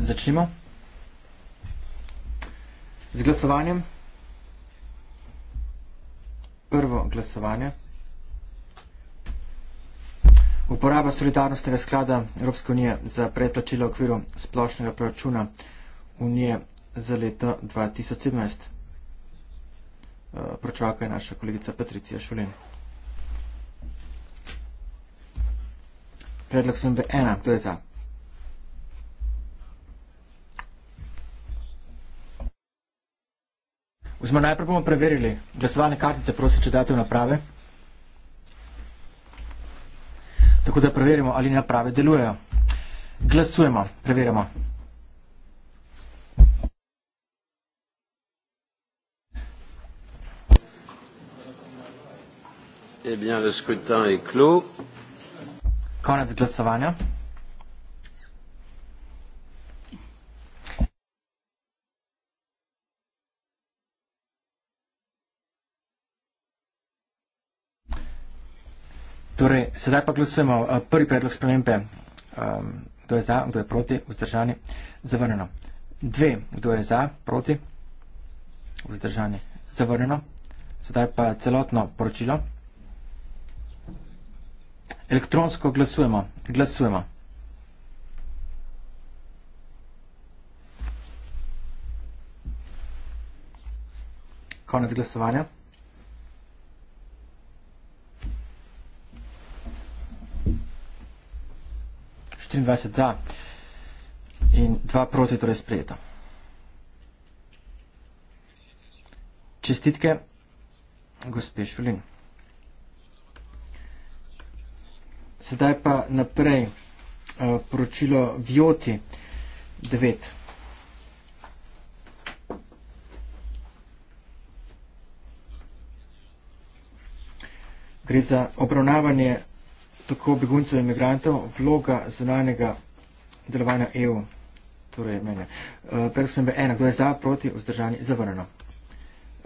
Začnimo. Z glasovanjem. Prvo glasovanje. Uporaba solidarnostnega sklada Evropske unije za predplačilo v okviru splošnega proračuna unije za leto 2017. Eh, Pročevalka je naša kolegica Patricija Šulin. Predlog spremembe ena, kdo je za? Vzmo najprej bomo preverili glasovalne kartice, prosim, če date v naprave. Tako da preverimo, ali naprave delujejo. Glasujemo, preverimo. Eh bien, le scrutin est clos. Konec glasovanja. Torej, sedaj pa glasujemo eh, prvi predlog spremembe. Ehm, kdo je za, kdo je proti, vzdržani, zavrnjeno. Dve, kdo je za, proti, vzdržani, zavrnjeno. Sedaj pa celotno poročilo. Elektronsko glasujemo. Glasujemo. Konec glasovanja. Štirindvajset za in dva proti, torej sprejeta. Čestitke, gospe Šulin. Sedaj pa naprej eh, poročilo Vjoti 9. Gre za obravnavanje tako beguncev in imigrantov, vloga zunanjega delovanja EU. Torej uh, predlog smembe 1. Kdo je za, proti, vzdržani, zavrneno.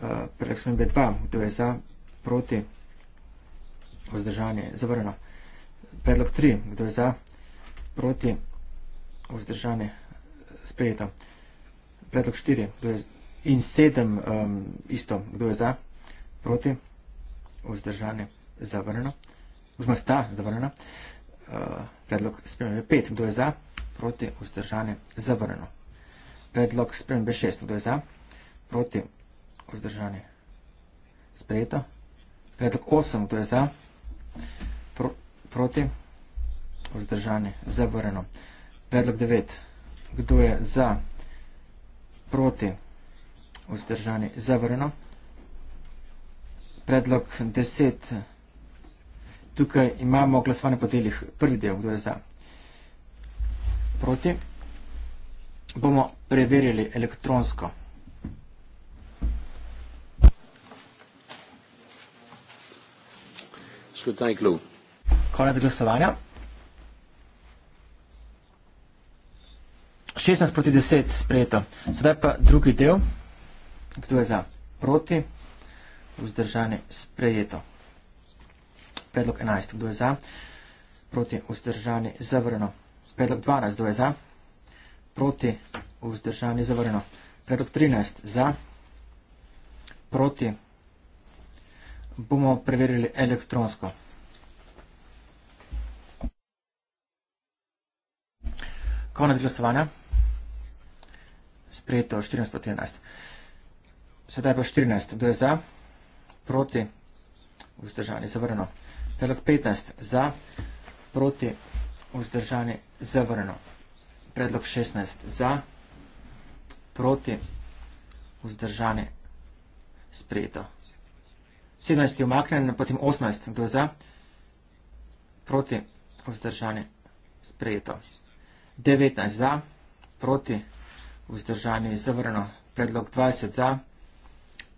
Uh, eh, predlog smembe 2. Kdo je za, proti, vzdržani, zavrneno predlog 3, kdo je za, proti, vzdržane, sprejeta. Predlog 4, kdo je in 7, um, isto, kdo je za, proti, vzdržane, zavrnjeno. Vzma sta zavrnjena. Uh, predlog spremembe 5, kdo je za, proti, vzdržane, zavrnjeno. Predlog spremembe 6, kdo je za, proti, vzdržane, sprejeto. Predlog 8, kdo je za, proti? Vzdržani. Zavoreno. Predlog 9. Kdo je za, proti? Vzdržani. Zavoreno. Predlog 10. Tukaj imamo glasovanje po delih. Prvi del, kdo je za, proti? Bomo preverili elektronsko. Skrutin je klub konec glasovanja. 16 proti 10 sprejeto. Sedaj pa drugi del. Kdo je za? Proti. Vzdržani sprejeto. Predlog 11. Kdo je za? Proti. Vzdržani zavrno. Predlog 12. Kdo je za? Proti. Vzdržani zavrno. Predlog 13. Za. Proti. Bomo preverili elektronsko. Konec glasovanja. Sprejeto 14 proti 11. Sedaj pa 14. Kdo je za? Proti? Vzdržani? Zavrno. Predlog 15. Za? Proti? Vzdržani? Zavrno. Predlog 16. Za? Proti? Vzdržani? Sprejeto. 17 je omaknen, potem 18. Kdo je za? Proti? Vzdržani? Sprejeto. Sprejeto. 19 za, proti, vzdržani, zavrno, predlog 20 za,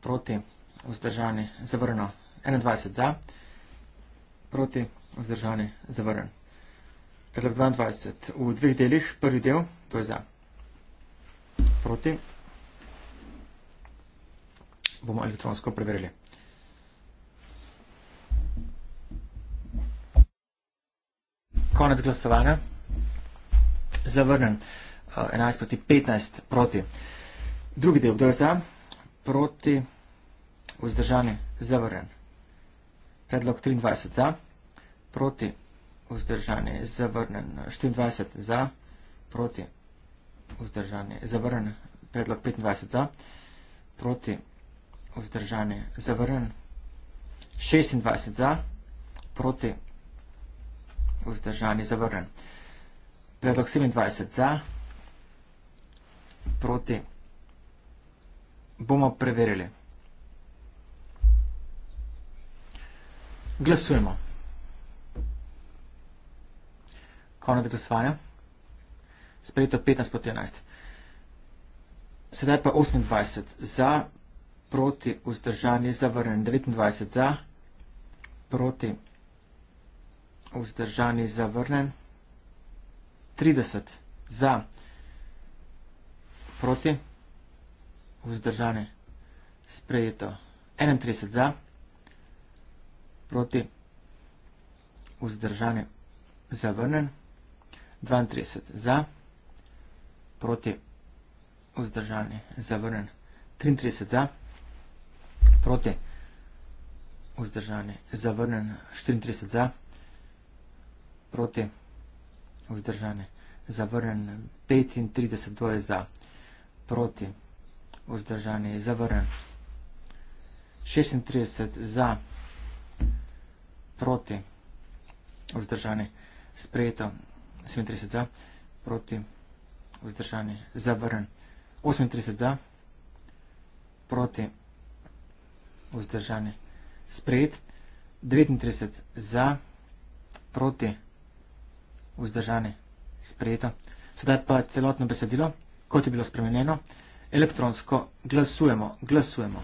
proti, vzdržani, zavrno, 21 za, proti, vzdržani, zavrno. Predlog 22 v dveh delih, prvi del, to je za, proti, bomo elektronsko preverili. Konec glasovanja zavrnjen, 11 eh, proti 15 proti. Drugi del, kdo je za, proti, vzdržani, zavrnjen. Predlog 23 za, proti, vzdržani, zavrnjen. 24 za, proti, vzdržani, zavrnjen. Predlog 25 za, proti, vzdržani, zavrnjen. 26 za, proti, vzdržani, zavrnjen. Predlog 27 za, proti. Bomo preverili. Glasujemo. Konec glasovanja. Sprejeto 15 proti 11. Sedaj pa 28 za, proti vzdržanje zavrnjen. 29 za, proti vzdržanje zavrnjen. 30 za, proti, vzdržane, sprejeto, 31 za, proti, vzdržane, zavrnen, 32 za, proti, vzdržane, zavrnen, 33 za, proti, vzdržane, zavrnen, 34 za, proti, vzdržane, zavrnen, 34 za, proti, vzdržane. Zavrnen 35, to je za, proti, vzdržane je zavrnen. 36 za, proti, vzdržane, sprejeto, 37 za, proti, vzdržane, zavrnen. 38 za, proti, vzdržane, sprejet, 39 za, proti, vzdržane vzdržani, sprejeto. Sedaj pa celotno besedilo, kot je bilo spremenjeno, elektronsko glasujemo, glasujemo.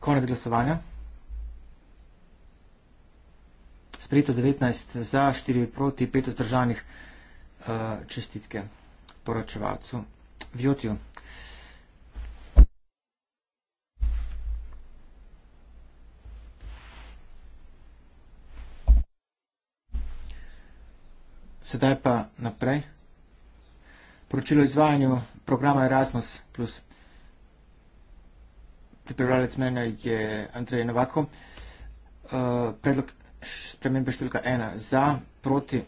Konec glasovanja. Sprejeto 19 za, 4 proti, 5 vzdržanih uh, čestitke poročevalcu Vjotju. Sedaj pa naprej. Poročilo izvajanju programa Erasmus plus pripravljalec mene je Andrej Novako. Uh, predlog spremembe številka ena za, proti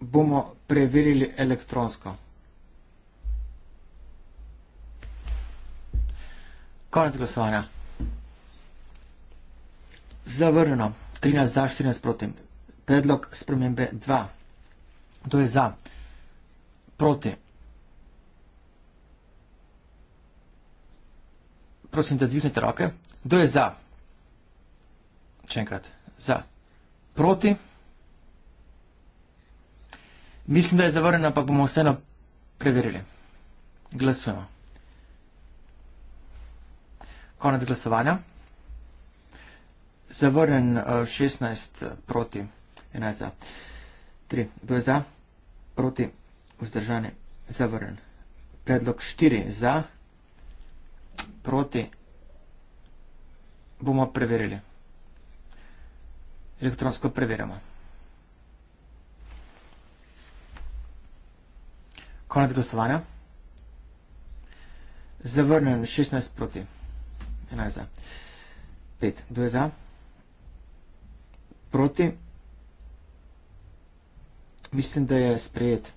bomo preverili elektronsko. Konec glasovanja. Zavrnjeno. 13 za, 14 proti predlog spremembe 2. To je za, proti. Prosim, da dvihnete roke. Kdo je za? Če enkrat, za. Proti. Mislim, da je zavrnjeno, ampak bomo vseeno preverili. Glasujemo. Konec glasovanja. Zavrnjen 16 eh, proti 16 ena za. Tri, kdo je za, proti, vzdržane, zavrn. Predlog štiri za, proti, bomo preverili. Elektronsko preverjamo. Konec glasovanja. Zavrnem 16 proti. 11 za. 5. 2 za. Proti mislim, da je sprejet.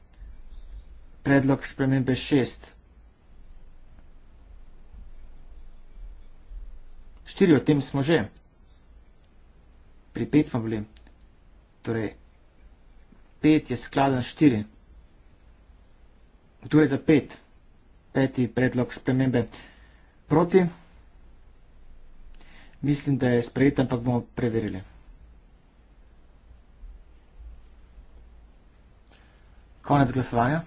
Predlog spremembe šest. Štiri o tem smo že. Pri pet smo bili. Torej, pet je skladen štiri. Kdo je za pet? Peti predlog spremembe proti. Mislim, da je sprejet, ampak bomo preverili. Konec glasovanja.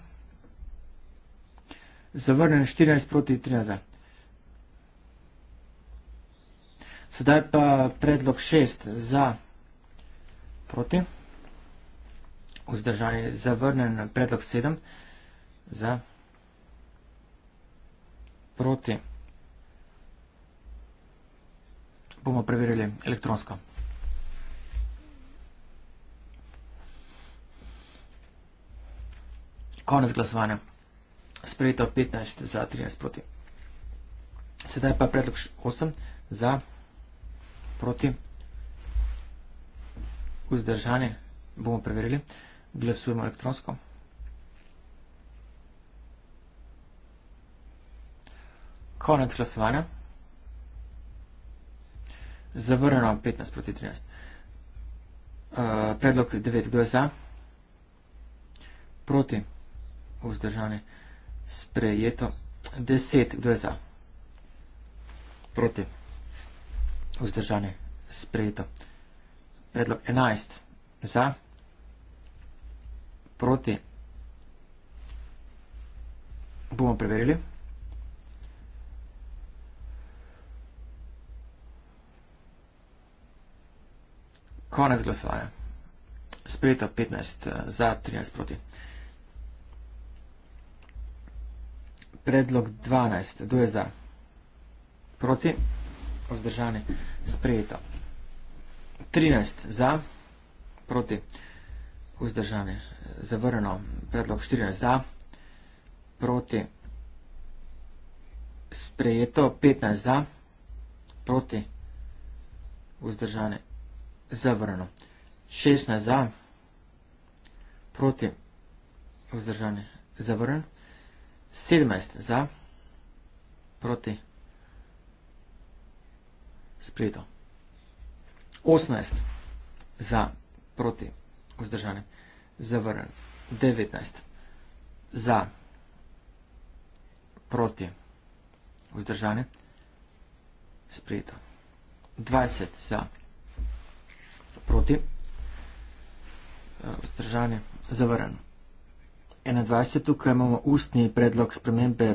Zavrnen 14 proti 13. Sedaj pa predlog 6 za proti. Vzdržanje zavrnen predlog 7 za proti. Bomo preverili elektronsko. konec glasovanja. Sprejeto 15 za 13 proti. Sedaj pa predlog 8 za proti vzdržanje. Bomo preverili. Glasujemo elektronsko. Konec glasovanja. Zavrnjeno 15 proti 13. Uh, eh, predlog 9. Kdo je za? Proti vzdržane. Sprejeto. 10, kdo je za? Proti. Vzdržane. Sprejeto. Predlog 11. Za. Proti. Bomo preverili. Konec glasovanja. Sprejeto 15 eh, za, 13 proti. predlog 12. Kdo je za? Proti? Vzdržani. Sprejeto. 13. Za? Proti? Vzdržani. Zavrnjeno. Predlog 14. Za? Proti? Sprejeto. 15. Za? Proti? Vzdržani. Zavrnjeno. 16. Za? Proti? Vzdržani. Zavrnjeno. 17 za, proti sprejeto. 18 za, proti vzdržane, zavrnen. 19 za, proti vzdržane, sprejeto. 20 za, proti vzdržane, zavrnen. 2021, tukaj imamo ustni predlog spremembe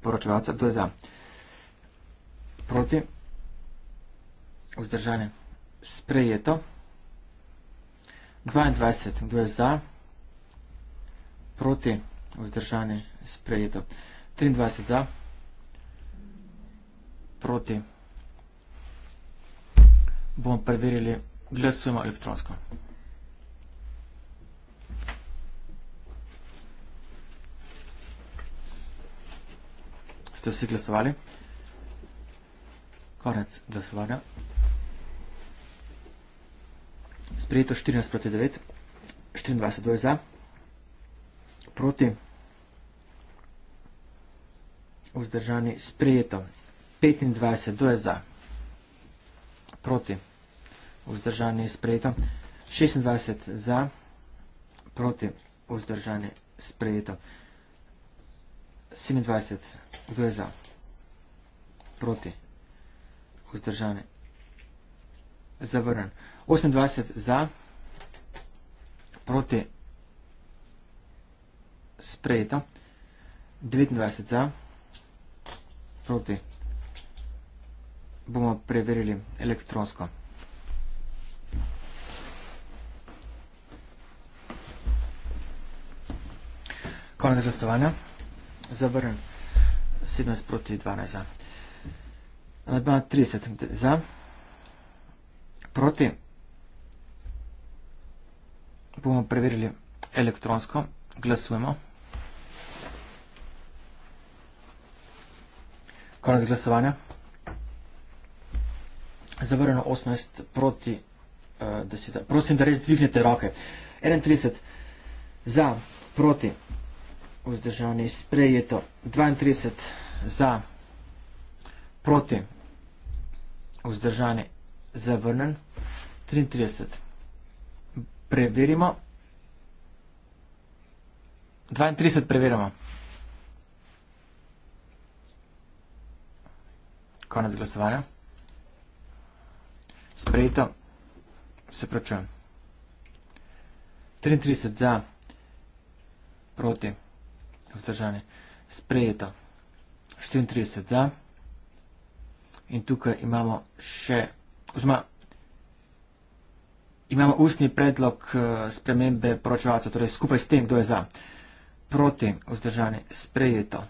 poročevalca, kdo je za? Proti? Vzdržanje. Sprejeto. 22, kdo je za? Proti? Vzdržanje. Sprejeto. 23 za? Proti? Bomo preverili, glasujemo elektronsko. ste vsi glasovali? Konec glasovanja. Sprejeto 14 proti 9, 24 do je za, proti, vzdržani, sprejeto 25 do je za, proti, vzdržani, sprejeto 26 za, proti, vzdržani, sprejeto 25 do je za. 27, kdo je za? Proti. Vzdržane. Zavrnen. 28 za. Proti. Sprejeta. 29 za. Proti. Bomo preverili elektronsko. Konec glasovanja zavrnjen. 17 proti 12 za. Amadma 30 za. Proti. Bomo preverili elektronsko. Glasujemo. Konec glasovanja. Zavrjeno 18 proti 10 eh, za. Prosim, da res dvignete roke. 31 za, proti 10 vzdržani sprejeto 32 za proti vzdržani zavrnen 33 preverimo 32 preverimo konec glasovanja sprejeto se pročujem 33 za proti vzdržani. Sprejeto. 34 za. In tukaj imamo še, oziroma, imamo ustni predlog eh, spremembe poročevalcev, torej skupaj s tem, kdo je za. Proti vzdržani. Sprejeto.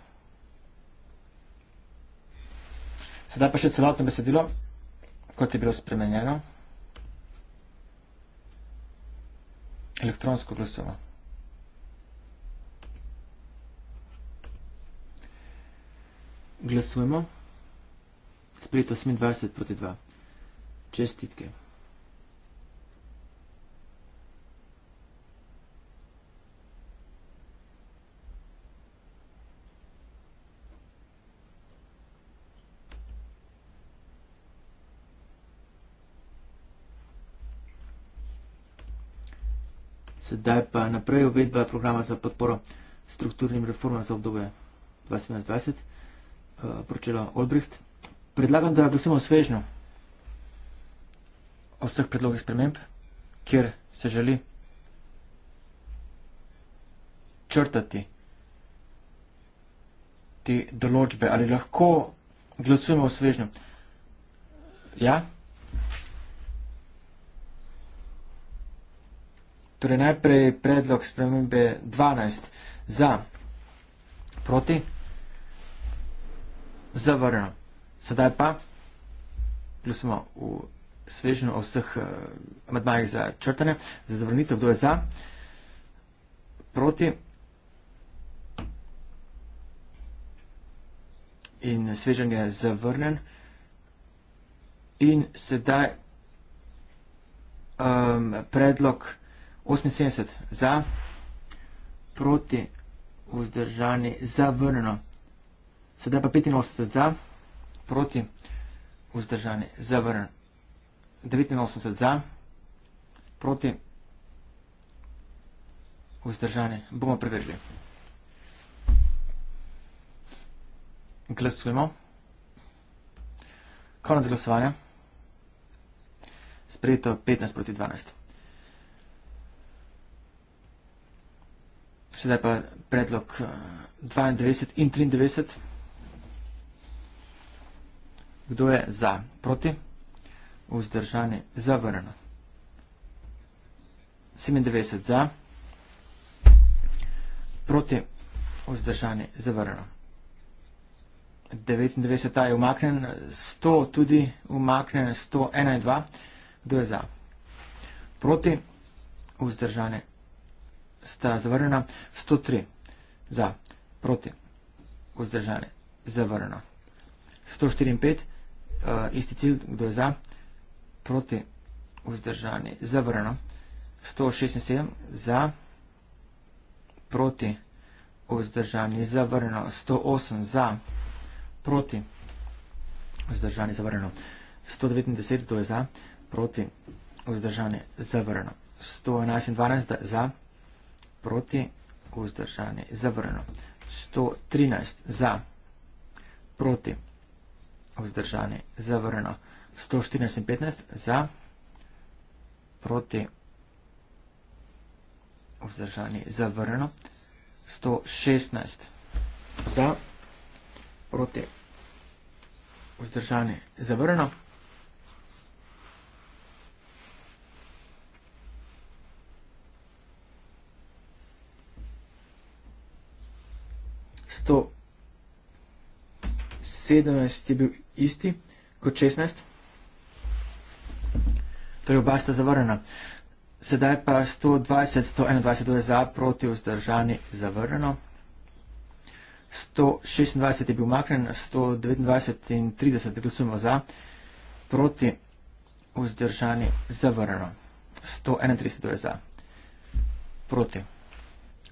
Sedaj pa še celotno besedilo, kot je bilo spremenjeno. Elektronsko glasovanje. Glasujemo. Sprejeto 28 proti 2. Čestitke. Sedaj pa naprej uvedba programa za podporo strukturnim reformam za obdobje 2017-2020. Eh, poročila Olbricht. Predlagam, da glasimo o svežnju o vseh predlogih sprememb, kjer se želi črtati te določbe. Ali lahko glasujemo o svežnju? Ja? Torej najprej predlog spremembe 12 za proti zavrnil. Sedaj pa glasujemo v svežnju o vseh eh, amadmajih uh, za črtanje, za zavrnitev, kdo je za, proti in svežen je zavrnen. In sedaj um, predlog 78 za, proti, vzdržani, zavrnjeno. Sedaj pa 85 za, proti, vzdržani, zavrn. 89 za, proti, vzdržani, bomo preverili. Glasujemo. Konec glasovanja. Sprejeto 15 proti 12. Sedaj pa predlog 92 eh, in 93. Kdo je za? Proti? Vzdržani? Zavrno. 97 za. Proti? Vzdržani? Zavrno. 99 je umaknen, 100 tudi umaknen, 101 in 2. Kdo je za? Proti? Vzdržani? Sta zavrnjena. 103 za. Proti? Vzdržani? Zavrno. 104 in 5. Eh, isti cilj, kdo je za, proti, vzdržani, zavrano, 167, za, proti, vzdržani, zavrano, 108, za, proti, vzdržani, zavrano, 129, kdo je za, proti, vzdržani, zavrano, 111 in 12, za, proti, vzdržani, zavrano, 113, za, proti, vzdržani, zavrano, vzdržani, zavrnjeno. 114 in 15 za, proti, vzdržani, zavrnjeno. 116 za, proti, vzdržani, zavrnjeno. 17 je bil isti kot 16. Torej, oba sta zavrnjena. Sedaj pa 120, 121 je za, proti vzdržani zavrnjeno. 126 je bil umaknen, 129 in 30 glasujemo za, proti vzdržani zavrnjeno. 131 je torej za, proti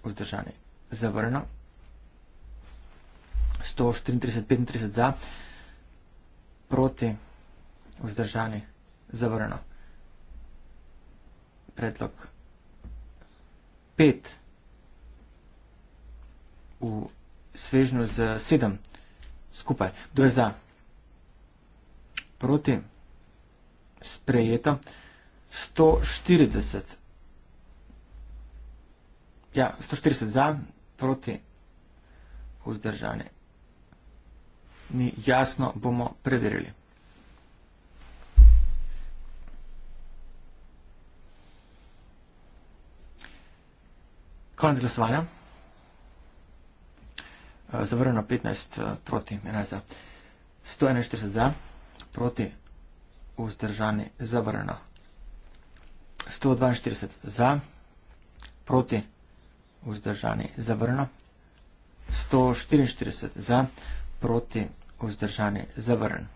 vzdržani zavrnjeno. 134-35 za, proti vzdržani zavrno. Predlog 5 v svežnju z 7 skupaj. Kdo je za? Proti sprejeto 140. Ja, 140 za, proti vzdržanje ni jasno, bomo preverili. Konec glasovanja. Eh, zavrljeno 15 eh, proti, ena za 141 za, proti, vzdržani, zavrljeno. 142 za, proti, vzdržani, zavrljeno. 144 za, proti, vzdržani, zavrljeno proti, vzdržani, zavrn.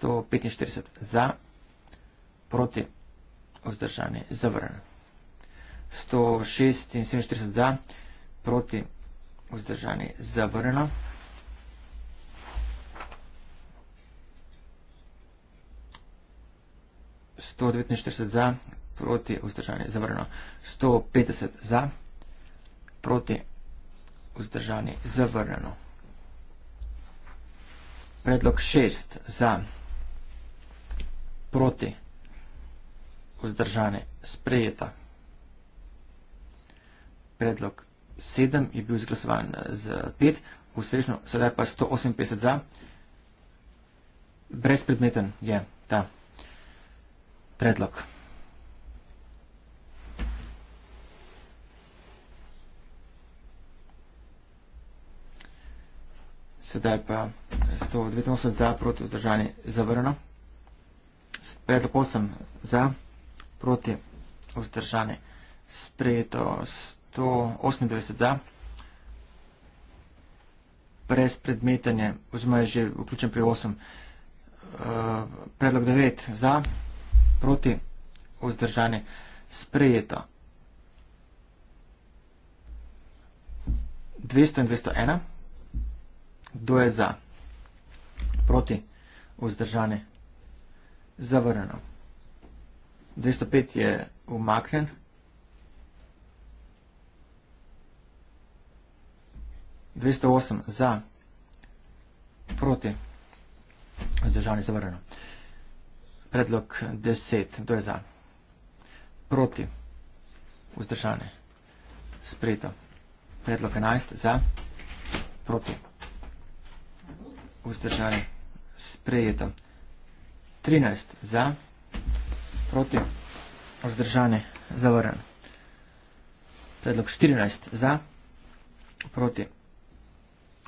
145 za, proti, vzdržani, zavrn. 146 za, proti, vzdržani, zavrn. Sto devetinštirset za, proti vzdržanje zavrno. Sto petdeset za, proti vzdržanje zavrnjeno predlog šest za proti vzdržane sprejeta. Predlog sedem je bil izglasovan z pet, usrečno sedaj pa 158 za. Brezpredmeten je ta predlog. Sedaj pa 189 za, proti vzdržanje zavrno. Predlog 8 za, proti vzdržanje sprejeto 198 za, brez predmetanje, oziroma je že vključen pri 8. Eh, predlog 9 za, proti vzdržanje sprejeto 200 in 201. Kdo je za? proti, vzdržane, zavrnjeno. 205 je umaknen. Dvesto osem za, proti, vzdržani zavrljeno. Predlog deset, to je za, proti, vzdržani, spreto. Predlog enajst za, proti, vzdržani, spreto sprejeto. 13 za, proti, vzdržane, zavrnjeno. Predlog 14 za, proti,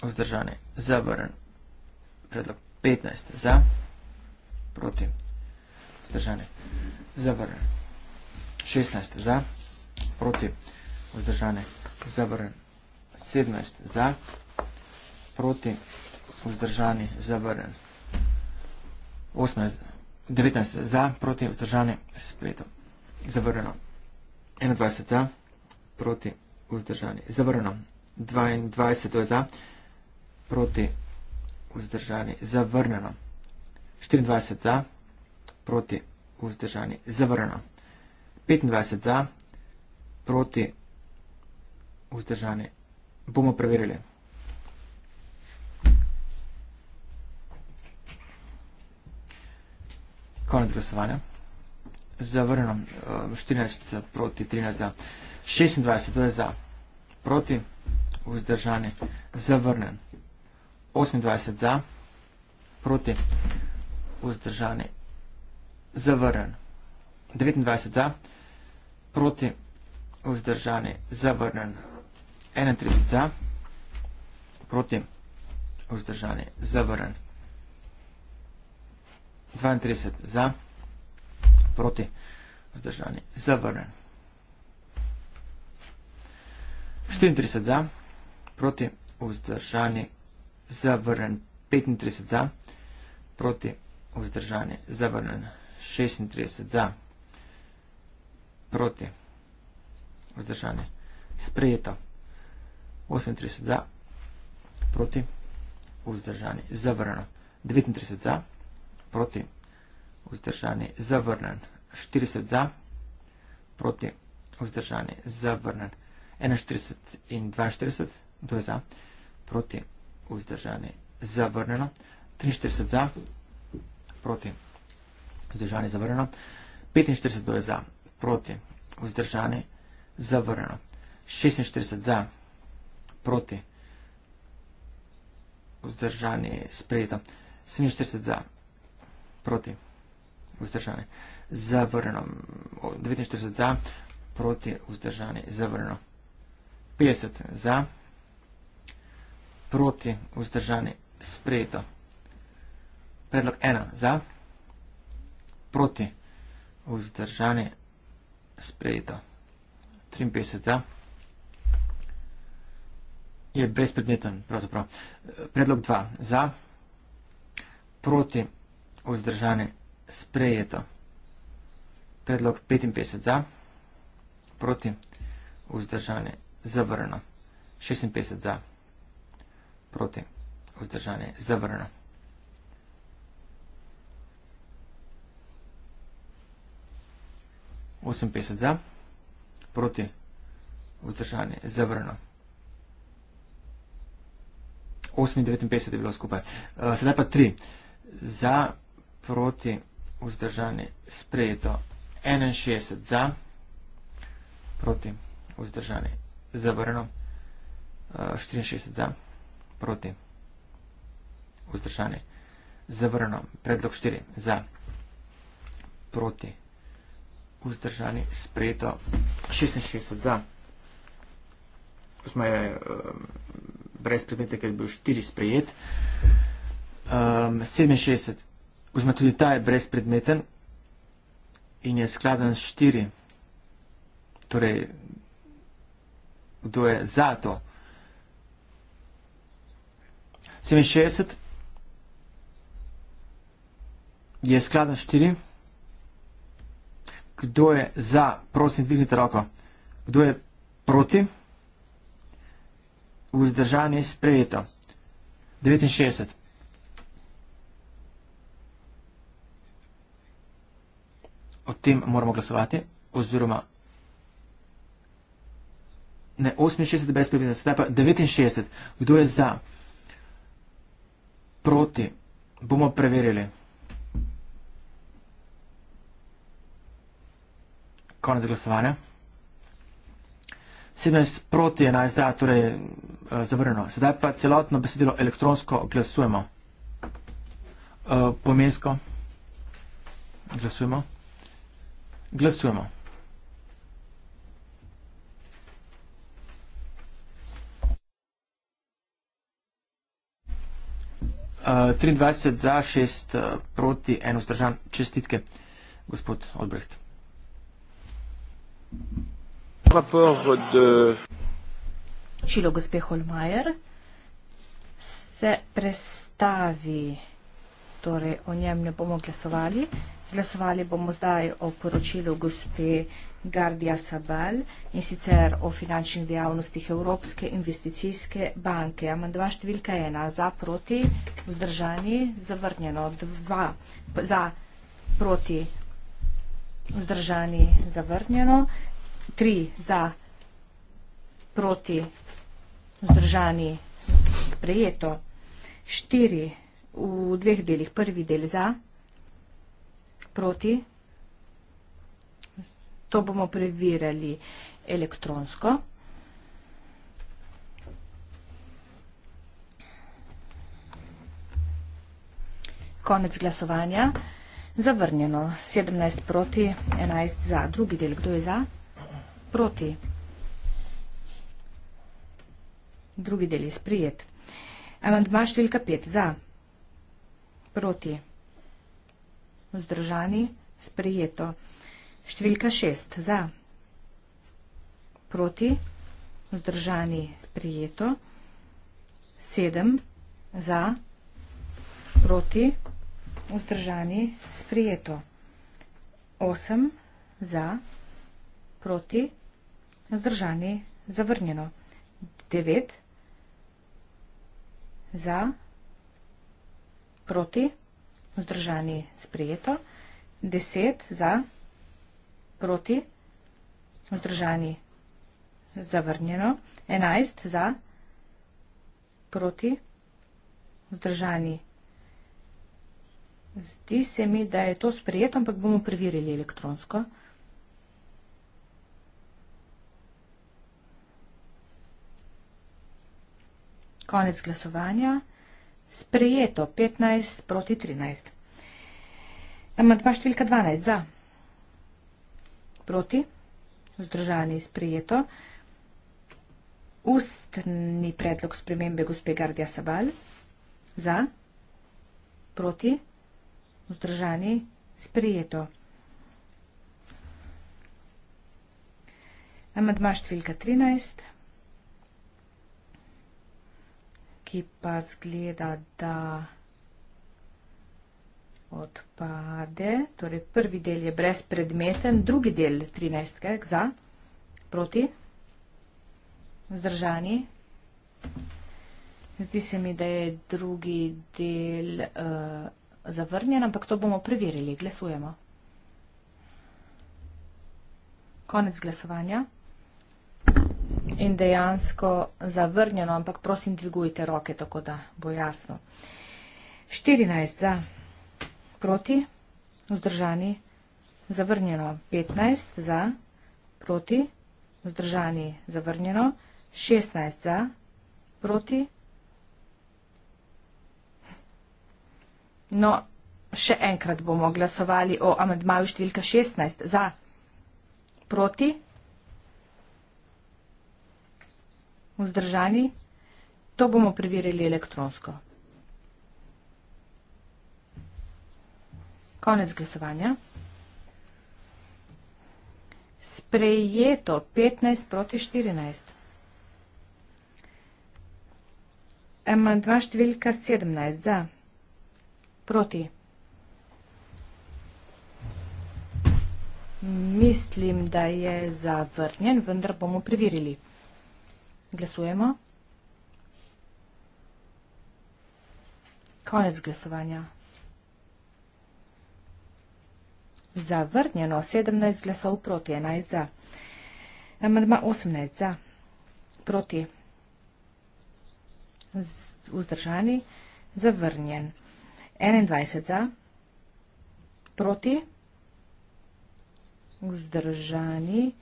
vzdržane, zavrnjeno. Predlog 15 za, proti, vzdržane, zavrnjeno. 16 za, proti, vzdržane, zavrnjeno. 17 za, proti, vzdržane, zavrnjeno. 18, 19 za, proti vzdržane, spet zavrnjeno. 21 za, proti vzdržane, zavrnjeno. 22 za, proti vzdržane, zavrnjeno. 24 za, proti vzdržane, zavrnjeno. 25 za, proti vzdržane, bomo preverili. Konec glasovanja. Zavrnjeno. 14 eh, eh, proti 13 za. 26 je za. Proti. Vzdržani. Zavrnjen. 28 za. Proti. Vzdržani. Zavrnjen. 29 za. Proti. Vzdržani. Zavrnjen. 31 za. Proti. Vzdržani. Zavrnjen. 32 za, proti, vzdržani, zavrnen. 34 za, proti, vzdržani, zavrnen. 35 za, proti, vzdržani, zavrnen. 36 za, proti, vzdržani, sprejeto. 38 za, proti, vzdržani, zavrnen. 39 za, proti, vzdržani, zavrnen proti, vzdržani, zavrnen, 40 za, proti, vzdržani, zavrnen, 41 in 42, kdo je za, proti, vzdržani, zavrneno, 43 za, proti, vzdržani, zavrneno, 45, kdo je za, proti, vzdržani, zavrneno, 46 za, proti, vzdržani, sprejeta, 47 za, proti, proti vzdržani, zavrno. 49 za, proti vzdržani, zavrno. 50 za, proti vzdržani, sprejeto. Predlog 1 za, proti vzdržani, sprejeto. 53 za, je brezpredmeten, pravzaprav. Predlog 2 za, proti vzdržani, vzdržane, sprejeto. Predlog 55 za, proti, vzdržane, zavrno. 56 za, proti, vzdržane, zavrno. Osem pesec za, proti, vzdržanje, zavrno. Osmi, devetim pesec je bilo skupaj. Eh, sedaj pa tri. Za, proti, vzdržani, sprejeto 61 za, proti, vzdržani, zavrno, 64 eh, za, proti, vzdržani, zavrno, predlog 4 za, proti, vzdržani, sprejeto 66 za, Osmej, eh, brez predmeta, ker je bil 4 sprejet, 67 eh, za, Oziroma tudi ta je brezpredmeten in je skladen s štiri. Torej, kdo je za to? 67 je skladen s štiri. Kdo je za? Prosim, dvignite roko. Kdo je proti? Vzdržanje je sprejeto. 69. o tem moramo glasovati, oziroma ne 68, brez pripomb, zdaj pa 69, kdo je za, proti, bomo preverili. Konec glasovanja. 17 proti je naj za, torej eh, zavrnjeno. Sedaj pa celotno besedilo elektronsko glasujemo. Eh, Pomensko glasujemo. Glasujemo. Uh, 23 za, 6 uh, proti, 1 vzdržan. Čestitke, gospod Odbreht. Čilo gospe Holmajer se prestavi, torej o njem ne bomo glasovali. Glasovali bomo zdaj o poročilu gospe Gardia Sabal in sicer o finančnih dejavnostih Evropske investicijske banke. Amandma številka ena za proti, vzdržani, zavrnjeno, dva za proti, vzdržani, zavrnjeno, tri za proti, vzdržani, sprejeto, štiri v dveh delih, prvi del za proti, proti. To bomo preverjali elektronsko. Konec glasovanja. Zavrnjeno. 17 proti, 11 za. Drugi del, kdo je za? Proti. Drugi del je sprijet. Amandma številka 5 za. Proti vzdržani, sprejeto. Številka šest, za, proti, vzdržani, sprejeto. Sedem, za, proti, vzdržani, sprejeto. Osem, za, proti, vzdržani, zavrnjeno. Devet, za, proti, vzdržani, sprejeto vzdržani sprejeto, 10 za, proti, vzdržani zavrnjeno, 11 za, proti, vzdržani Zdi se mi, da je to sprejeto, ampak bomo preverili elektronsko. Konec glasovanja. Sprejeto 15 proti 13. Amandma številka 12 za. Proti. Vzdržani sprejeto. Ustni predlog spremembe gospe Gardija Sabal. Za. Proti. Vzdržani sprejeto. Amandma številka 13. ki pa zgleda, da odpade. Torej, prvi del je brezpredmeten, drugi del 13. za, proti, vzdržani. Zdi se mi, da je drugi del uh, zavrnjen, ampak to bomo preverili. Glasujemo. Konec glasovanja in dejansko zavrnjeno, ampak prosim, dvigujte roke, tako da bo jasno. 14 za, proti, vzdržani, zavrnjeno. 15 za, proti, vzdržani, zavrnjeno. 16 za, proti. No, še enkrat bomo glasovali o amedmaju številka 16 za, proti, vzdržani, to bomo preverili elektronsko. Konec glasovanja. Sprejeto 15 proti 14. Amandma številka 17 za. Proti. Mislim, da je zavrnjen, vendar bomo preverili. Glasujemo. Konec glasovanja. Zavrnjeno 17 glasov proti 11 za. Amandma 18 za. Proti. Vzdržani. Zavrnjen. 21 za. Proti. Vzdržani.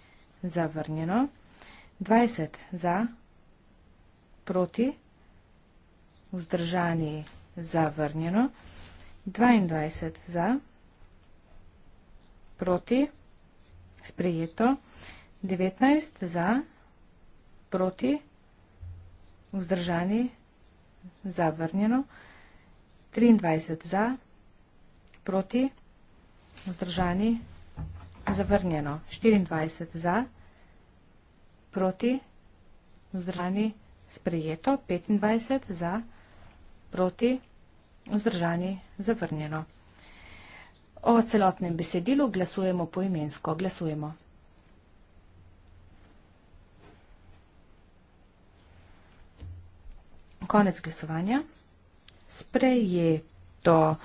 Zavrnjeno. Zavrnjeno. 20 za, proti, vzdržani zavrnjeno, 22 za, proti, sprejeto, 19 za, proti, vzdržani zavrnjeno, 23 za, proti, vzdržani zavrnjeno, 24 za, proti, proti, vzdržani, sprejeto, 25 za, proti, vzdržani, zavrnjeno. O celotnem besedilu glasujemo poimensko. Glasujemo. Konec glasovanja. Sprejeto. Sprejeto.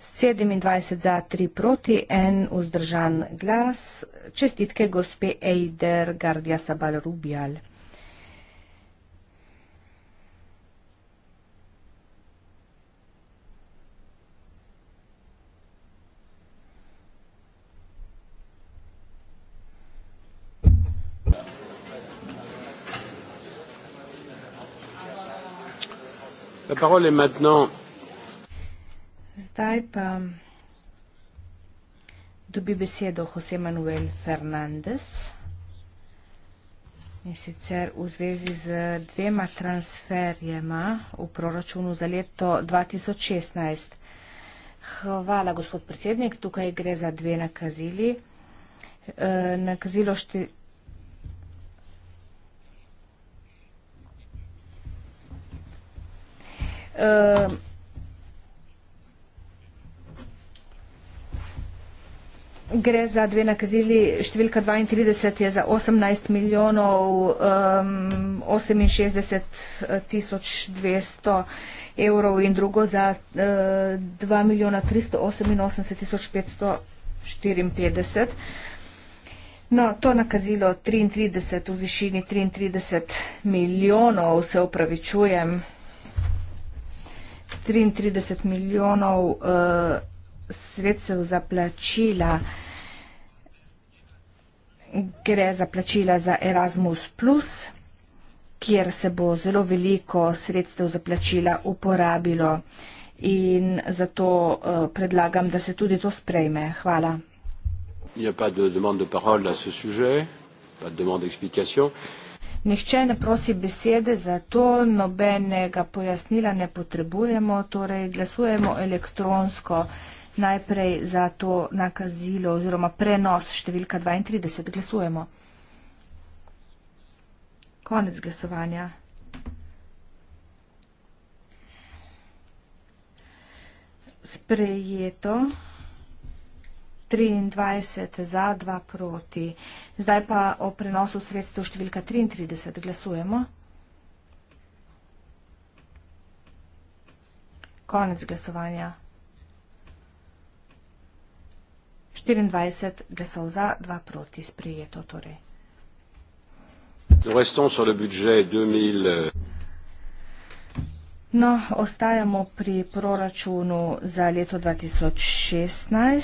27 za 3 proti, en vzdržan glas. Čestitke gospe Eider Gardia Sabal Rubial. La parole est maintenant Zdaj pa dobi besedo Jose Manuel Fernandez in sicer v zvezi z dvema transferjema v proračunu za leto 2016. Hvala, gospod predsednik. Tukaj gre za dve nakazili. E, nakazilo šte... Uh, gre za dve nakazili, številka 32 je za 18 milijonov um, 68 eh, tisoč 200 evrov in drugo za uh, eh, 2 milijona 388 tisoč 554. No, to nakazilo 33 v višini 33 milijonov, se upravičujem, 33 milijonov uh, sredstev za plačila. Gre za plačila za Erasmus, kjer se bo zelo veliko sredstev za plačila uporabilo in zato eh, predlagam, da se tudi to sprejme. Hvala. Nihče ne prosi besede za to, nobenega pojasnila ne potrebujemo, torej glasujemo elektronsko najprej za to nakazilo oziroma prenos številka 32. Glasujemo. Konec glasovanja. Sprejeto. 23 za, 2 proti. Zdaj pa o prenosu sredstev številka 33. Glasujemo. Konec glasovanja. 24 glasov za, 2 proti sprejeto. Torej. Euh, no, ostajamo pri proračunu za leto 2016. E,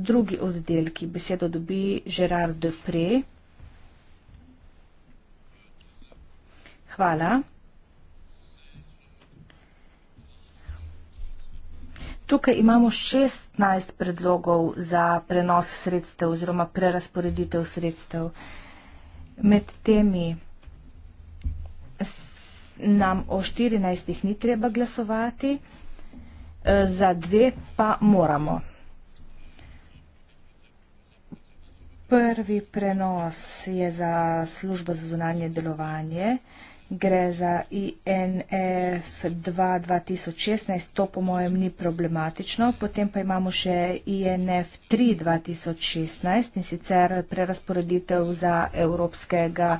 drugi oddel, ki besedo dobi Gerard Depre. Hvala. Tukaj imamo 16 predlogov za prenos sredstev oziroma prerasporeditev sredstev. Med temi nam o 14 ni treba glasovati, e, za dve pa moramo. Prvi prenos je za službo za zunanje delovanje, gre za INF2 2016, to po mojem ni problematično. Potem pa imamo še INF3 2016 in sicer prerasporeditev za evropskega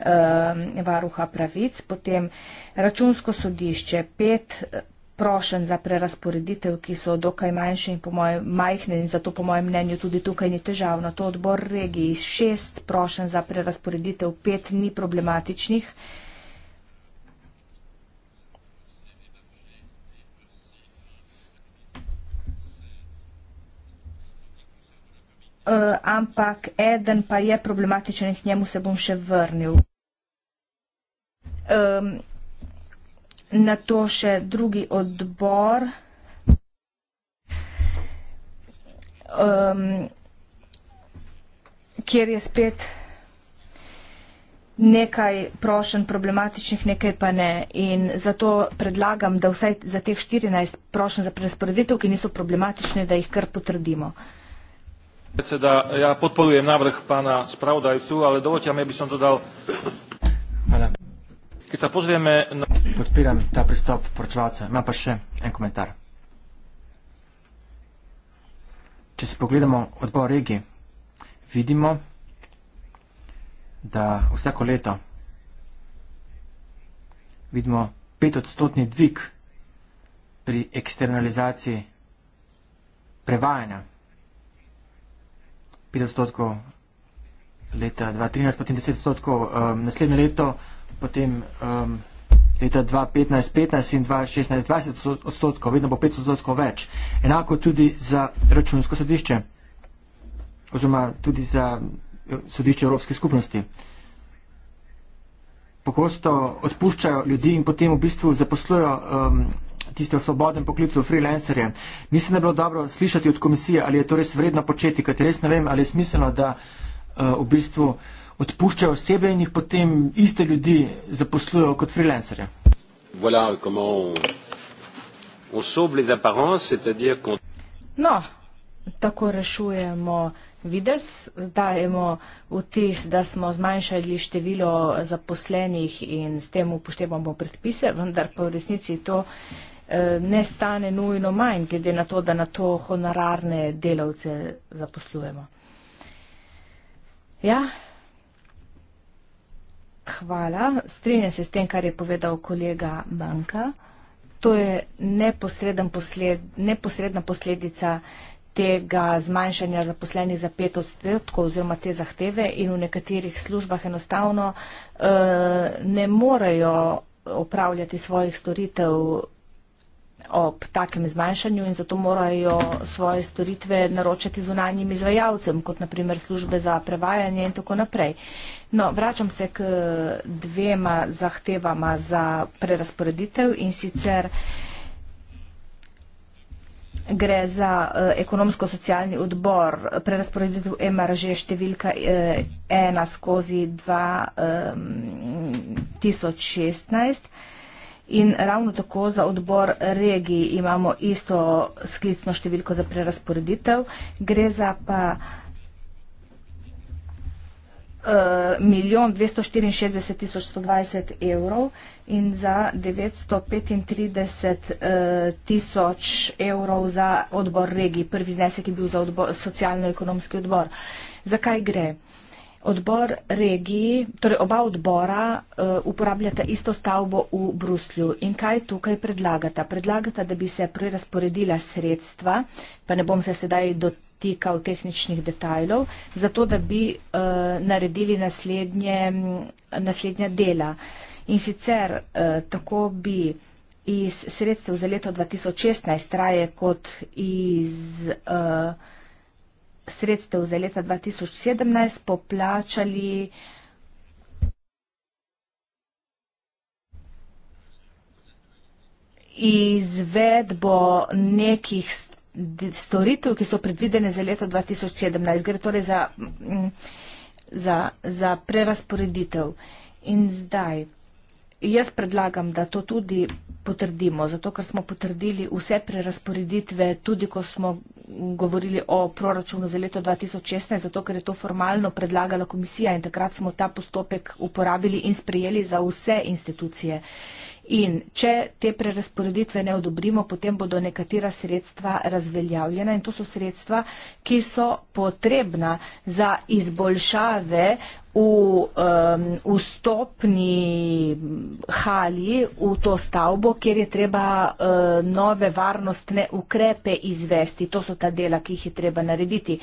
eh, varuha pravic. Potem računsko sodišče 5 eh, prošen za prerasporeditev, ki so dokaj manjše in po mojem majhne in zato po mojem mnenju tudi tukaj ni težavno. To odbor regiji šest prošen za prerasporeditev, pet ni problematičnih. Eh, Eh, ampak eden pa je problematičen in k njemu se bom še vrnil. Um, na to še drugi odbor. Um, kjer je spet nekaj prošen problematičnih, nekaj pa ne. In zato predlagam, da vsaj za teh 14 prošen za presporeditev, ki niso problematične, da jih kar potrdimo. Predseda, ja podporujem návrh pána spravodajcu, ale dovolte mi, aby som dodal... Hvala. Keď sa pozrieme... Na... Podpíram tá pristop porčovalce. Má pa še en komentár. Če si pogledamo odbor regi, vidimo, da vsako leto vidimo petodstotni dvig pri eksternalizaciji prevajanja 50 odstotkov leta 2013, potem 10 odstotkov um, naslednje leto, potem um, leta 2015, 15 in 2016, 20 odstotkov, vedno bo 5 odstotkov več. Enako tudi za računsko sodišče oziroma tudi za uh, sodišče Evropske skupnosti. Pogosto odpuščajo ljudi in potem v bistvu zaposlujo um, tiste osvoboden poklic v freelancerje. Mislim, da je bilo dobro slišati od komisije, ali je to res vredno početi, kajti res ne vem, ali je smiselno, da uh, v bistvu odpuščajo osebe in jih potem iste ljudi zaposlujejo kot freelancerje. Voilà, on, on on... No, tako rešujemo videz, dajemo vtis, da smo zmanjšali število zaposlenih in s tem upoštevamo predpise, vendar pa v resnici to Eh, ne stane nujno manj, glede na to, da na to honorarne delavce zaposlujemo. Ja, hvala. Strinjam se s tem, kar je povedal kolega Banka. To je posled, neposredna posledica tega zmanjšanja zaposlenih za pet odstotkov oziroma te zahteve in v nekaterih službah enostavno uh, ne morejo opravljati svojih storitev ob takem zmanjšanju in zato morajo svoje storitve naročati zunanjim izvajalcem, kot naprimer službe za prevajanje in tako naprej. No, vračam se k dvema zahtevama za prerasporeditev in sicer gre za uh, ekonomsko-socialni odbor prerasporeditev MRŽ številka uh, eh, 1 skozi 2016. Um, eh, in ravno tako za odbor regij imamo isto sklicno številko za prerasporeditev. Gre za pa eh, milijon 264 tisoč 120 evrov in za 935 eh, tisoč evrov za odbor regij. Prvi znesek je bil za socialno-ekonomski odbor. Zakaj gre? Odbor regiji, torej oba odbora uh, uporabljata isto stavbo v Bruslju. In kaj tukaj predlagata? Predlagata, da bi se prerasporedila sredstva, pa ne bom se sedaj dotikal tehničnih detajlov, zato da bi uh, naredili naslednje, naslednja dela. In sicer uh, tako bi iz sredstev za leto 2016 raje kot iz. Uh, sredstev za leta 2017 poplačali izvedbo nekih storitev, ki so predvidene za leto 2017. Gre torej za, mm, za, za prerasporeditev. In zdaj. Jaz predlagam, da to tudi potrdimo, zato ker smo potrdili vse prerasporeditve, tudi ko smo govorili o proračunu za leto 2016, zato ker je to formalno predlagala komisija in takrat smo ta postopek uporabili in sprejeli za vse institucije. In če te prerasporeditve ne odobrimo, potem bodo nekatera sredstva razveljavljena in to so sredstva, ki so potrebna za izboljšave v, um, v stopni hali v to stavbo, kjer je treba uh, nove varnostne ukrepe izvesti. To so ta dela, ki jih je treba narediti.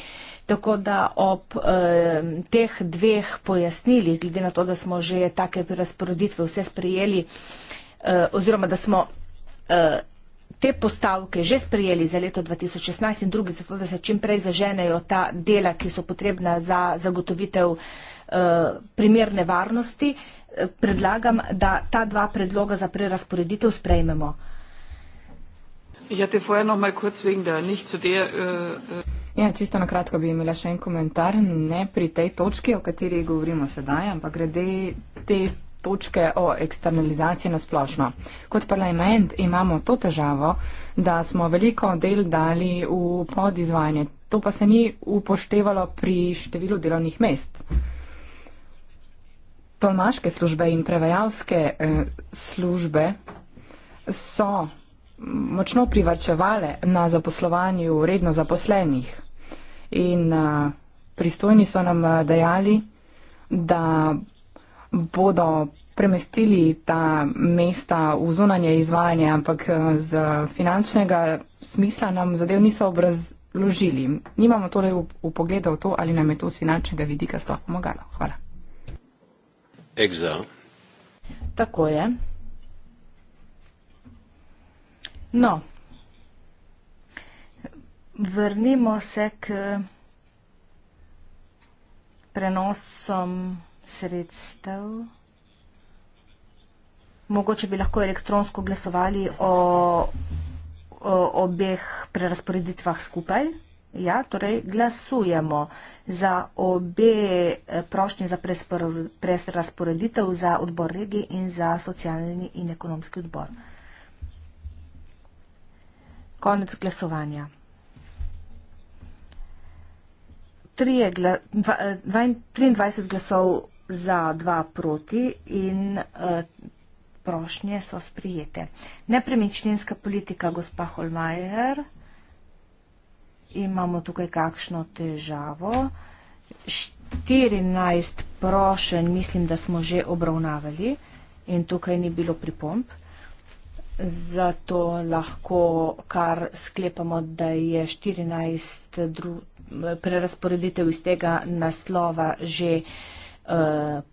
Tako da ob um, teh dveh pojasnilih, glede na to, da smo že take razporoditve vse sprejeli, uh, oziroma da smo. Uh, Te postavke že sprejeli za leto 2016 in drugi, zato da se čim prej zaženejo ta dela, ki so potrebna za zagotovitev uh, Eh, primerne varnosti, eh, predlagam, da ta dva predloga za prerasporeditev sprejmemo. Äh, äh, ja, čisto na kratko bi imela še en komentar, ne pri tej točki, o kateri govorimo sedaj, ampak glede te točke o eksternalizaciji na splošno. Kot parlament imamo to težavo, da smo veliko del dali v podizvajanje. To pa se ni upoštevalo pri številu delovnih mest tolmaške službe in prevajalske eh, službe so močno privrčevale na zaposlovanju redno zaposlenih. In eh, pristojni so nam eh, dejali, da bodo premestili ta mesta v zunanje izvajanje, ampak z finančnega smisla nam zadev niso obrazložili. Nimamo torej v pogledu to, ali nam je to z finančnega vidika sploh pomagalo. Hvala. Exa. Tako je. No, vrnimo se k prenosom sredstev. Mogoče bi lahko elektronsko glasovali o, o obeh prerasporeditvah skupaj. Ja, torej glasujemo za obe eh, prošnje za presporeditev za odbor regije in za socialni in ekonomski odbor. Konec glasovanja. Trije, gla, dva, eh, dva, 23 glasov za, 2 proti in eh, prošnje so sprijete. Nepremičninska politika, gospa Holmajer imamo tukaj kakšno težavo. 14 prošen mislim, da smo že obravnavali in tukaj ni bilo pripomp. Zato lahko kar sklepamo, da je 14 prerasporeditev iz tega naslova že uh,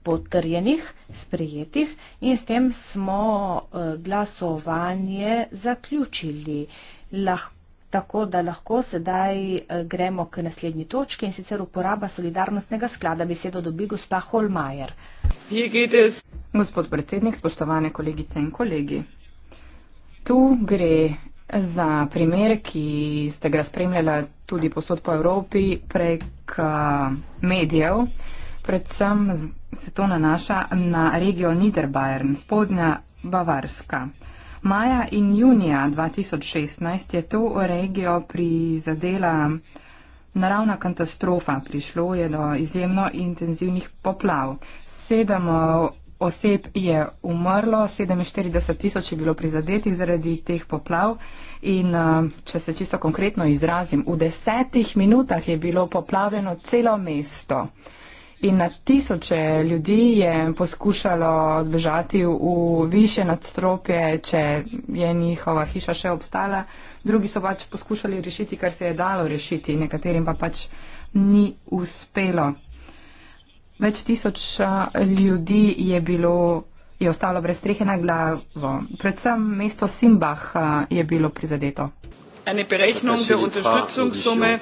potrjenih, sprejetih in s tem smo uh, glasovanje zaključili. Lahko Tako da lahko sedaj eh, gremo k naslednji točki in sicer uporaba solidarnostnega sklada. Besedo dobi gospa Holmajer. Gospod predsednik, spoštovane kolegice in kolegi. Tu gre za primer, ki ste ga spremljali tudi posod po Evropi prek eh, medijev. Predvsem se to nanaša na regijo Niederbayern, spodnja Bavarska. Maja in junija 2016 je to regijo prizadela naravna katastrofa. Prišlo je do izjemno intenzivnih poplav. Sedem oseb je umrlo, 47 tisoč je bilo prizadetih zaradi teh poplav in če se čisto konkretno izrazim, v desetih minutah je bilo poplavljeno celo mesto in na tisoče ljudi je poskušalo zbežati v više nadstropje, če je njihova hiša še obstala. Drugi so pač poskušali rešiti, kar se je dalo rešiti, nekaterim pa pač ni uspelo. Več tisoč ljudi je bilo. Je ostalo brez strehe na glavo. Predvsem mesto Simbah je bilo prizadeto. Eine Berechnung der Unterstützungssumme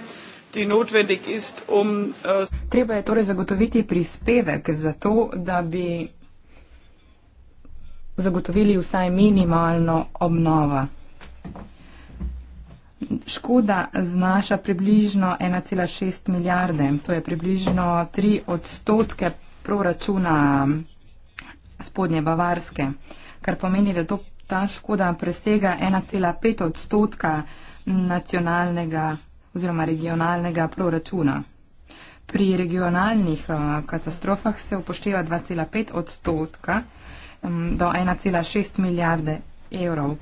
ki je notwendig, ist, um, uh, treba je torej zagotoviti prispevek za to, da bi zagotovili vsaj minimalno obnovo. Škoda znaša približno 1,6 milijarde, to je približno 3 odstotke proračuna spodnje Bavarske, kar pomeni, da to, ta škoda presega 1,5 odstotka nacionalnega oziroma regionalnega proračuna. Pri regionalnih eh, katastrofah se upošteva 2,5 odstotka do 1,6 milijarde evrov.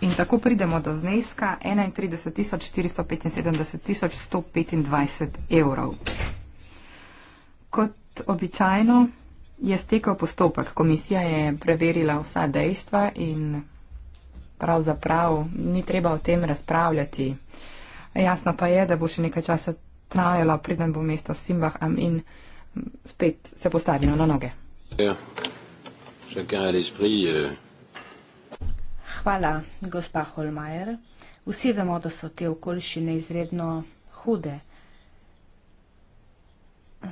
In tako pridemo do zneska 31.475.125 evrov. Kot običajno je stekel postopek. Komisija je preverila vsa dejstva in pravzaprav ni treba o tem razpravljati. Uh, Jasno pa je, da bo še nekaj časa trajalo, preden bo mesto Simbah Amin spet se postavilo na noge. Ja. Euh. Hvala, gospa Holmajer. Vsi vemo, da so te okoliščine izredno hude.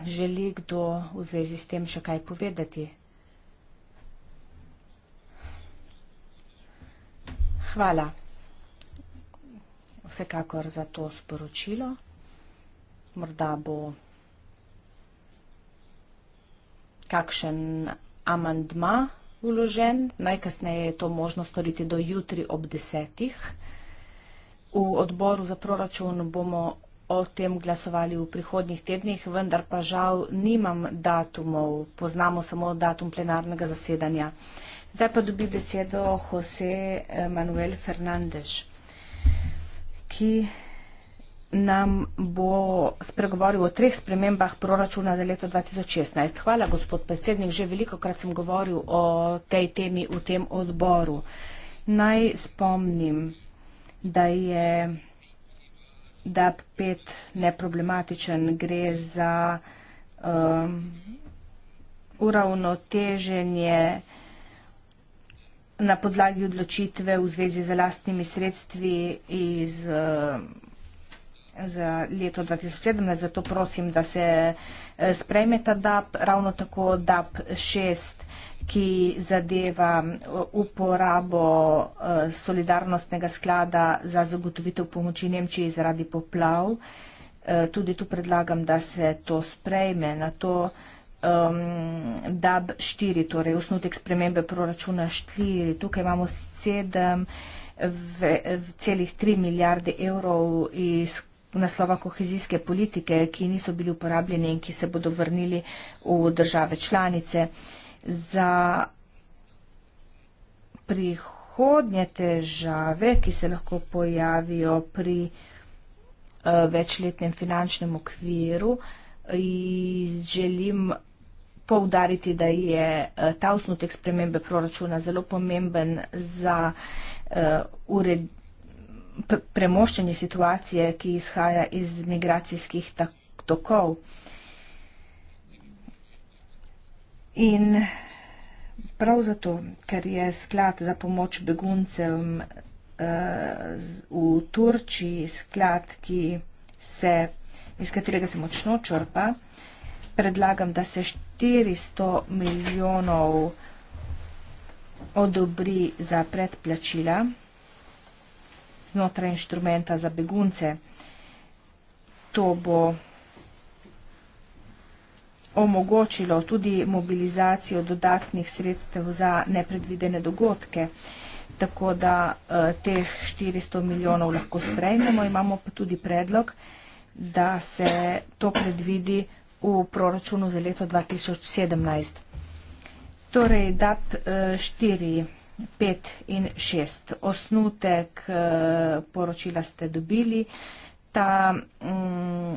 Želi kdo v zvezi s tem še kaj povedati? Hvala vsekakor za to sporočilo. Morda bo kakšen amandma uložen, najkasneje je to možno storiti do jutri ob desetih. V odboru za proračun bomo o tem glasovali v prihodnjih tednih, vendar pa žal nimam datumov, poznamo samo datum plenarnega zasedanja. Zdaj pa dobi besedo Jose Manuel Fernandez ki nam bo spregovoril o treh spremembah proračuna za leto 2016. Hvala, gospod predsednik, že veliko krat sem govoril o tej temi v tem odboru. Naj spomnim, da je DAP 5 neproblematičen, gre za um, uravnoteženje na podlagi odločitve v zvezi z lastnimi sredstvi iz, eh, za leto 2017, zato prosim, da se eh, sprejme ta DAP, ravno tako DAP 6, ki zadeva eh, uporabo solidarnostnega sklada za zagotovitev pomoči Nemčiji zaradi poplav. Tudi tu predlagam, da se to sprejme na to, da se to sprejme um, DAB 4, torej osnutek spremembe proračuna 4. Tukaj imamo 7,3 milijarde evrov iz naslova kohezijske politike, ki niso bili uporabljeni in ki se bodo vrnili v države članice. Za prihodnje težave, ki se lahko pojavijo pri uh, večletnem finančnem okviru, želim poudariti, da je eh, ta osnutek spremembe proračuna zelo pomemben za eh, ured, premoščanje situacije, ki izhaja iz migracijskih tokov. In prav zato, ker je sklad za pomoč beguncem eh, v Turčiji sklad, ki se, iz katerega se močno črpa, predlagam, da se 400 milijonov odobri za predplačila znotraj inštrumenta za begunce. To bo omogočilo tudi mobilizacijo dodatnih sredstev za nepredvidene dogodke, tako da teh 400 milijonov lahko sprejmemo. Imamo pa tudi predlog, da se to predvidi vsega, v proračunu za leto 2017. Torej, DAP 4, 5 in 6. Osnutek eh, poročila ste dobili. Ta mm,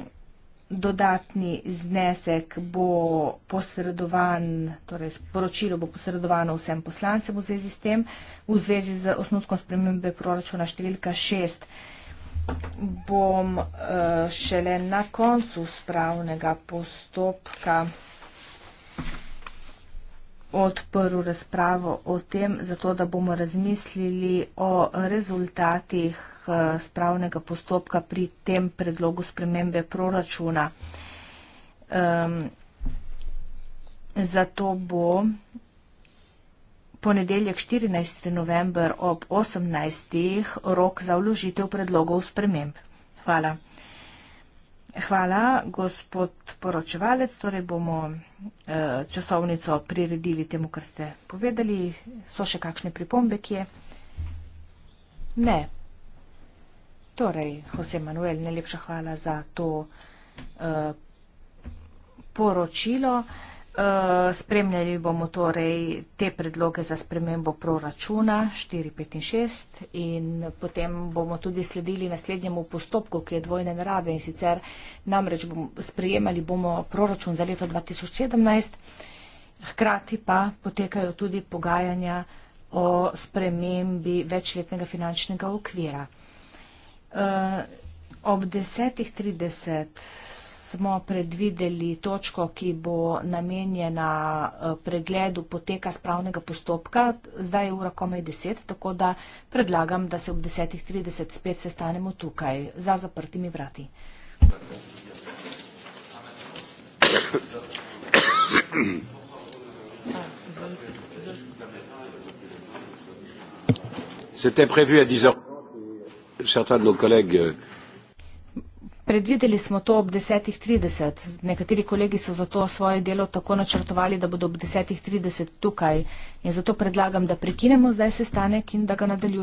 dodatni znesek bo posredovan, torej poročilo bo posredovano vsem poslancem v zvezi s tem, v zvezi z osnutkom spremembe proračuna številka 6 bom eh, šele na koncu spravnega postopka odprl razpravo o tem, zato da bomo razmislili o rezultatih eh, spravnega postopka pri tem predlogu spremembe proračuna. Zato bo ponedeljek 14. november ob 18. rok za vložitev predlogov sprememb. Hvala. Hvala, gospod poročevalec. Torej bomo eh, časovnico priredili temu, kar ste povedali. So še kakšne pripombe, ki je? Ne. Torej, Jose Manuel, najlepša hvala za to eh, poročilo. Hvala. Eh, spremljali bomo torej te predloge za spremembo proračuna 4, 5 in 6 in potem bomo tudi sledili naslednjemu postopku, ki je dvojne narave in sicer namreč bom, sprejemali bomo proračun za leto 2017, hkrati pa potekajo tudi pogajanja o spremembi večletnega finančnega okvira. Uh, ob 10.30 smo predvideli točko, ki bo namenjena eh, pregledu poteka spravnega postopka. Zdaj je ura komaj 10, tako da predlagam, da se ob 10.30 spet sestanemo tukaj za zaprtimi vrati. C'était prévu à 10 heures. Certains de nos collègues. Euh, Predvideli smo to ob 10.30. Nekateri kolegi so zato svoje delo tako načrtovali, da bodo ob 10.30 tukaj. In zato predlagam, da prekinemo zdaj sestanek in da ga nadaljujemo.